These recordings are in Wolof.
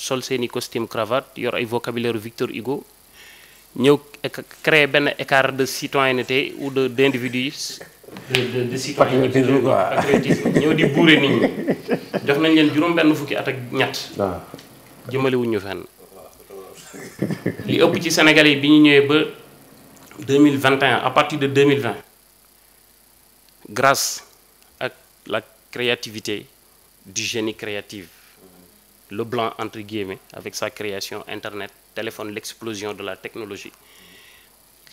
sol seeni costume cravate yor ay vocabulaire Victor Hugo ñëw créer benn écart de citoyenneté ou de d' individus de de citoyenneté patriotisme ñëw di buure nit ñi jox nañ leen juróom benn fukki at ak ñett ah. jëmalewuñ ñu fenn li ëpp ci Sénégalais bi ñu ñëwee ba 2021 à partir de 2020 grâce ak la créativité du génie créatif le blanc entre guillemets avec sa création internet téléphone l'explosion de la technologie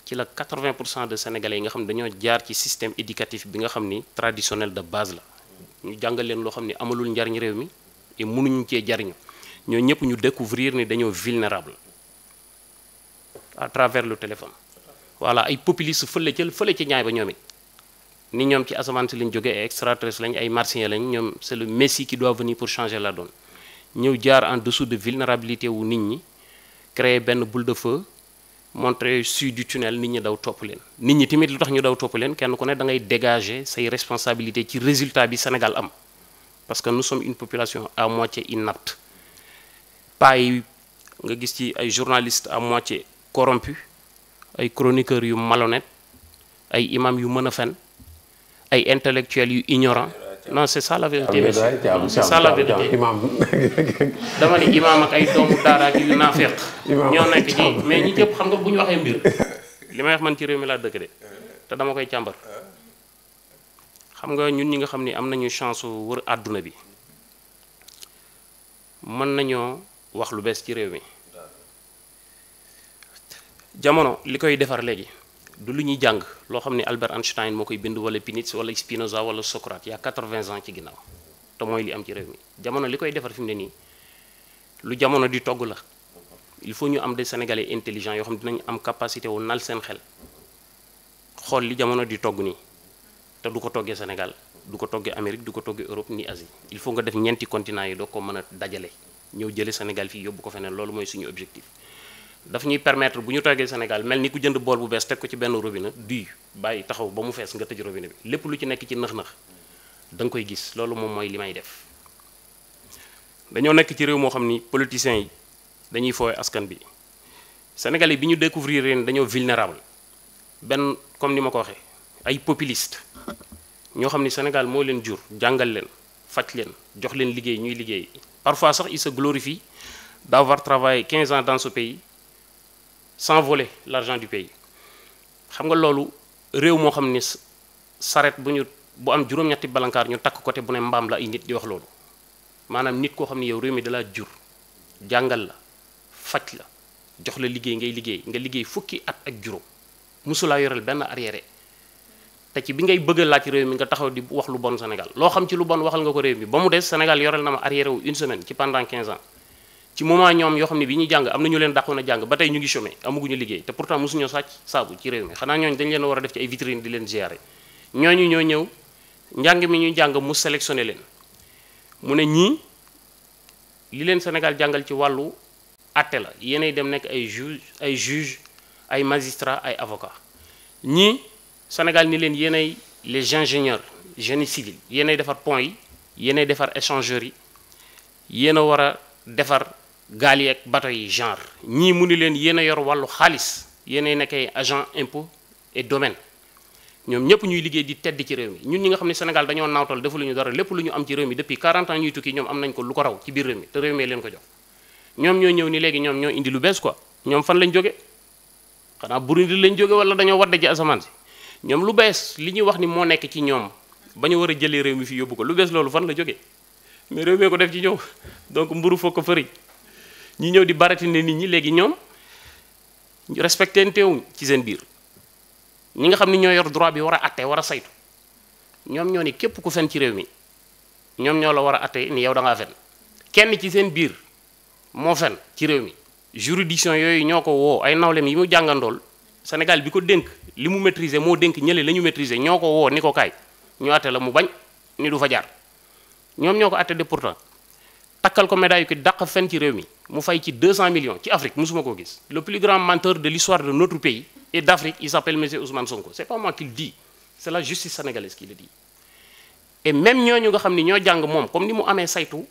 ci la 80 pour cent de sénégalais yi nga xam ne dañoo jaar ci système éducatif bi nga xam ni traditionnel de base la ñu jàngal leen loo xam ne amalul njariñ réew mi et mënuñu cee jariñu ñoo ñëpp ñu découvrir ni dañoo vulnérable à travers le téléphone voilà ay populistes fële ca fële ca ñaay ba ñoom it ni ñoom ci asamaan si lañ jógee ay extraterrestres lañ ay martiens lañ ñoom c'est le messie qui doit venir pour changer la donne ñëw jaar en dessous de vulnérabilité wu nit ñi créer benn boule de feu montré sud du tunnel nit ñi daw topp leen nit ñi tamit lu tax ñu daw topp leen kenn ku ne da ngay dégager say responsabilité ci résultat bi Sénégal am parce que nous sommes une population à moitié inapte pas yi nga gis ci ay journalistes à moitié corrompus ay chroniqueurs yu malhonnêtes ay imam yu mën a fen ay intellectuels yu ignorants non c'est ça la vérité monsieur non c'est ça la vérité dama ni imaam ak ay doomu daara ak yu naafeq ñoo nekk ci mais ñi ñëpp xam nga bu ñu waxee mbir li may wax man ci réew mi laa dëkk de te dama koy càmbar xam nga ñun ñi nga xam ni am nañu chance wër àdduna bi mën nañoo wax lu bees ci réew mi jamono li koy defar léegi du lu ñuy jàng loo xam ne Albert Einstein moo koy bind wala Pinitz wala Spinoza wala Socrate y a 80 ans ci ginnaaw te mooy li am ci réew mi jamono li koy defar fi ne nii lu jamono di togg la il faut ñu am de sénégalais intelligents yoo xam ne dinañ am capacité wu nal seen xel xool li jamono di togg nii te du ko toggee Sénégal du ko toggee Amérique du ko toggee Europe ni Asie il faut nga def ñeenti continent yi doo ko mën a dajale ñëw jëlee Sénégal fii yóbbu ko feneen loolu mooy suñu objectif daf ñuy permettre bu ñu toogee Sénégal mel ni ku jënd bool bu bees teg ko ci benn robinet duy bàyyi taxaw ba mu fees nga tëj robine bi lépp lu ci nekk ci nax-nax da nga koy gis loolu moom mooy li may def. dañoo nekk ci réew moo xam ni politiciens yi dañuy fooy askan bi Sénégalais bi ñu découvrir leen dañoo vulnérable benn comme ni ma ko waxee ay populist ñoo xam ni Sénégal moo leen jur jàngal leen faj leen jox leen liggéey ñuy liggéey parfois sax ils se glorifient d'avoir travaillé 15 sans voler l'argent du pays xam nga loolu réew moo xam ni saret bu ñu bu am juróom-ñetti balankaar ñu takk ko te bu ne mbaam la ay nit di wax loolu maanaam nit koo xam ni yow réew mi dalaa jur jàngal la faj la jox la liggéey ngay liggéey nga liggéey fukki at ak juróom musulaa yoreel benn arriéré te ci bi ngay bëgg a laaj réew mi nga taxaw di wax lu bon Sénégal loo xam ci lu bon waxal nga ko réew mi ba mu des Sénégal yoreel na ma arriéré wu une semaine ci pendant 15 ans ci moment ñoom yoo xam ne bi ñuy jàng am na ñu leen dàqoon a jàng ba tey ñu ngi chômé amuguñu liggéey te pourtant mosuñoo sàcc saabu ci réew mi xanaa ñooñu dañ leen war a def ci ay vitrine di leen gérer ñooñu ñoo ñëw njàng mi ñu jàng mu sélectionné leen mu ne ñii li leen Sénégal jàngal ci wàllu atte la yéenay dem nekk ay juge ay juge ay magistrat ay avocat ñii Sénégal ni leen yéenay les ingénieurs génie civil yéenay defar pont yi yéenay defar échangeurs yi yéen a war a defar gaal yeeg bato yi genre ñii mu ni leen yéen a yor wàllu xaalis yéenay nekkee agent impôt et domaine ñoom ñëpp ñuy liggéey di tedd ci réew mi ñun ñi nga xam ne Sénégal dañoo nawtal defu lu ñu dara lépp lu ñu am ci réew mi depuis 40 ans ñuy tukki ñoom am nañ ko lu ko raw ci biir réew mi te réew mi leen ko jox ñoom ñoo ñëw ni léegi ñoom ñoo indi lu bees quoi ñoom fan lañ jóge xanaa Burundi lañ jóge wala dañoo wadde ci asamaan si ñoom lu bees li ñuy wax ni moo nekk ci ñoom ba ñu war a jëlee réew mi fi yóbbu ko lu bees loolu fan la jógee mais réew ko def ci ñëw donc mburu foog ko fëri ñu ñëw di baratine nit ñi léegi ñoom respecté teewuñ ci seen biir ñi nga xam ni ñoo yor droit bi war a atte war a saytu ñoom ñoo ni képp ku fen ci réew mi ñoom ñoo la war a atte ni da ngaa kenn ci seen biir moo fen ci réew mi juridiction yooyu ñoo ko woo ay nawlem yi mu jàngandool Sénégal bi ko dénk li mu maîtriser moo dénk ñële la ñu maîtriser ñoo ko woo ni ko kaay ñu atte la mu bañ ni du fa jaar ñoom ñoo ko atte de pourtant takkal ko médaille ki dàq fen ci réew mi mu fay ci 200 ci Afrique musuma koo gis le plus grand menteur de l'histoire de notre pays et d'Afrique il s'appelle monsieur Ousmane Sonko c'est pas moi qui le c'est la justice sénégalaise qui le dit ñooñu nga xam ni ñoo jàng moom comme ni mu amee saytu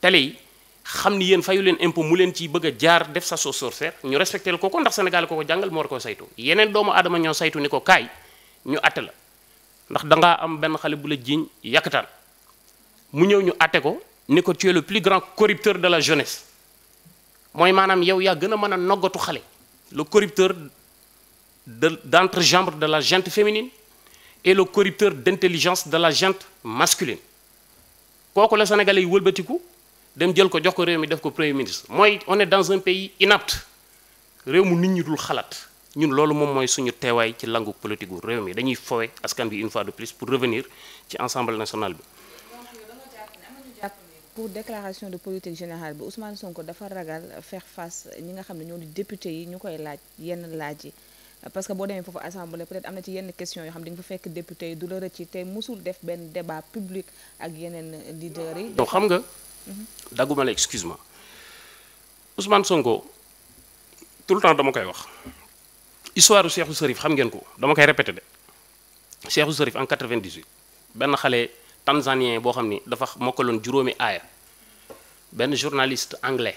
télé yi xam ni yéen fayu leen impôt mu leen ciy bëgg jaar def sa sauce sorcière ñu respecté ko ko ndax Sénégal ko ko jàngal moo war koo saytu yeneen doomu aadama ñoo saytu ni ko kaay ñu atte la ndax dangaa am benn xale bu la jiiñ yàkkataan ni ko tu le plus grand corrupteur de la jeunesse mooy maanaam yow yaa gën a mën a noggatu xale le corrupteur de dentre d'entrejambe de la gente féminine et le corrupteur d'intelligence de la gente masculine kooku la sénégalais yi wëlbatiku dem jël ko jox ko réew mi def ko premier ministre mooy on est dans un pays inapte réew mu nit ñi dul xalaat ñun loolu moom mooy suñu teewaay ci langu politique gu réew mi dañuy fowe askan bi une fois de plus pour revenir ci assemblée nationale bi pour déclaration de politique générale bi Ousmane Sonko dafa ragal faire face ñi nga xam ne ñoo di député yi ñu koy laaj yenn laaj yi parce que boo demee foofu assemblée peut-être am na ci yenn question yoo xam di nga fa fekk député def benn débat public ak yeneen leaders yi. donc xam nga. Mhm. dagguma la excuse-moi Sonko tout le temps dama koy wax histoire du Cheikhou Chérif xam ngeen ko dama koy répété de Cheikhou Chérif en benn xale. tanzanien boo xam ni dafa mokkaloon juróomi aaya benn journaliste anglais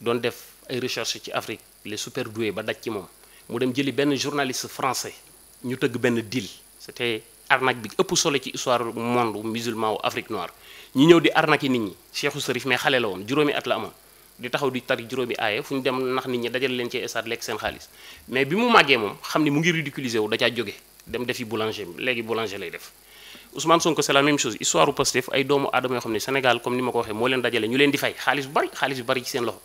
doon def ay recherche ci Afrique les super doués ba daj ci moom mu dem jëli benn journaliste français ñu tëgg benn deal c'était arnaque bi ëpp solo ci histoire monde musulman wu Afrique noire ñu ñëw di arnaque nit ñi Cheikhou Sërif mais xale la woon juróomi at la amoon di taxaw di tari juróomi aaye fu ñu dem nax nit ñi dajal leen ci esaat lekk seen xaalis mais bi mu màggee moom xam ni mu ngi ridiculiser wu da caa jóge dem defi boulanger léegi boulanger lay def Ousmane Sonko c'est la même chose histoire u Pastef ay doomu aadama yoo xam ne Sénégal comme ni ma ko waxee moo leen dajale ñu leen di fay xaalis bu bari xaalis bu bari ci seen loxo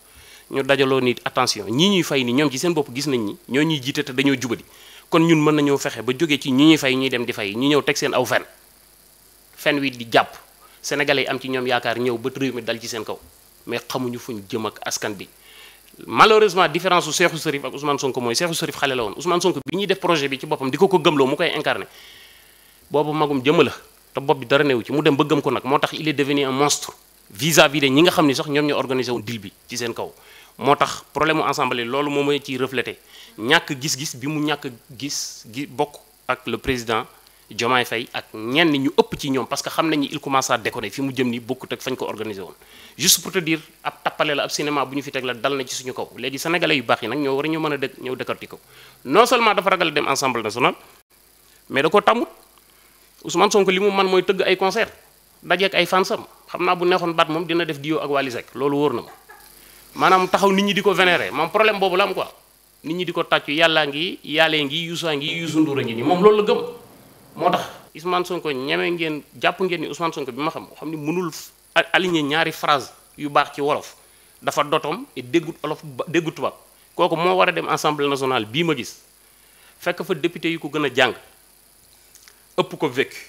ñu dajaloo ni attention ñii ñuy fay ni ñoom ci seen bopp gis nañ ni ñoo ñuy jiite te dañoo jubadi kon ñun mën nañoo fexe ba jógee ci ñi ñuy fay ñuy dem di fay ñu ñëw teg seen aw fen fen wi di jàpp sénégalais yi am ci ñoom yaakaar ñëw ba réew mi dal ci seen kaw mais xamuñu fuñ jëm ak askan bi malheureusement différence su Cheikhou Chérif ak projet bi ci boppam di ko ko gëmloo mu koy boobu magum jëma la te bopp bi dara newu ci mu dem bëggam ko nag moo tax il est un monstre vis vis de ñi nga xam ni sax ñoom ñoo organisé wu deal bi ci seen kaw moo tax problème moom mooy ciy reflété ñàkk gis bi mu ñàkk gis gi bokk ak le président Diomaye Faye ak ñenn ñu ëpp ci ñoom parce que xam nañu il commence à déconner fi mu jëm ni bokkut ak fañ ko organisé woon juste teg la dal na ci suñu kaw ñoo war a ñoo mën a dëkk ñëw ensemble national mais da ko tàmmut Ousmane Sonko li mu man mooy tëgg ay concert dajeek ay fansam xam naa bu neexoon baat moom dina def diyo ak Wally Seck loolu wóor na ma maanaam taxaw nit ñi di ko vénérer moom problème boobu la am quoi nit ñi di ko tàccu yàllaa ngi yàllee ngi yuusaa ngi yuusu nduur a ngi nii moom loolu la gëm moo tax Ousmane Sonko ñeme ngeen jàpp ngeen ni Ousmane Sonko bi ma xam xam ni mënul aligner ñaari phrase yu baax ci wolof dafa dotom et déggut olof déggu tubaab kooku moo war a dem assemblée nationale bii ma gis fekk fa député yu ko gën a jàng ëpp ko vécu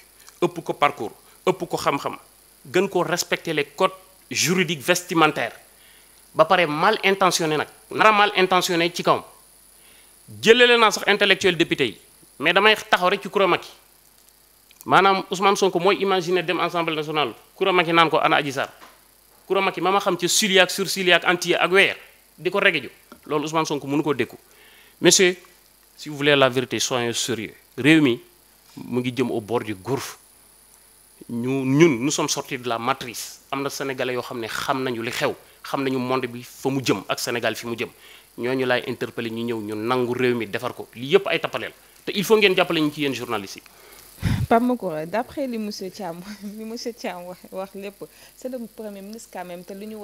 ëpp ko parcours ëpp ko xam-xam gën koo respecter les codes juridiques vestimentaire ba pare mal intentionné nag nara mal intentionné ci kawam jëlale naa sax intellectuel député yi mais damay taxaw rek ci Koura Macky maanaam Ousmane Sonko mooy imaginer dem assemblée nationale Koura Macky naan ko ana Adji Sarr Koura Macky ma ma xam ci ciliac sur ciliac entier ak weer di ko regeju loolu Ousmane Sonko mënu koo dékku monsieur si vous voulez la vérité soyez sérieux réew mi mu ngi jëm au bord du gouffre ñu ñun nous sommes sortis de la matrice am na sénégalais yoo xam ne xam nañu li xew xam nañu monde bi fa mu jëm ak Sénégal fi mu jëm ñoo ñu laay interpellé ñu ñëw ñu nangu réew mi defar ko lii yëpp ay tappaleel te il faut ngeen jàppale ñu ci yéen journalistes yi. Pape Makoura d' après li monsieur Thiam li monsieur Thiam wax wax lépp c' est le premier ministre quand même te lu ñu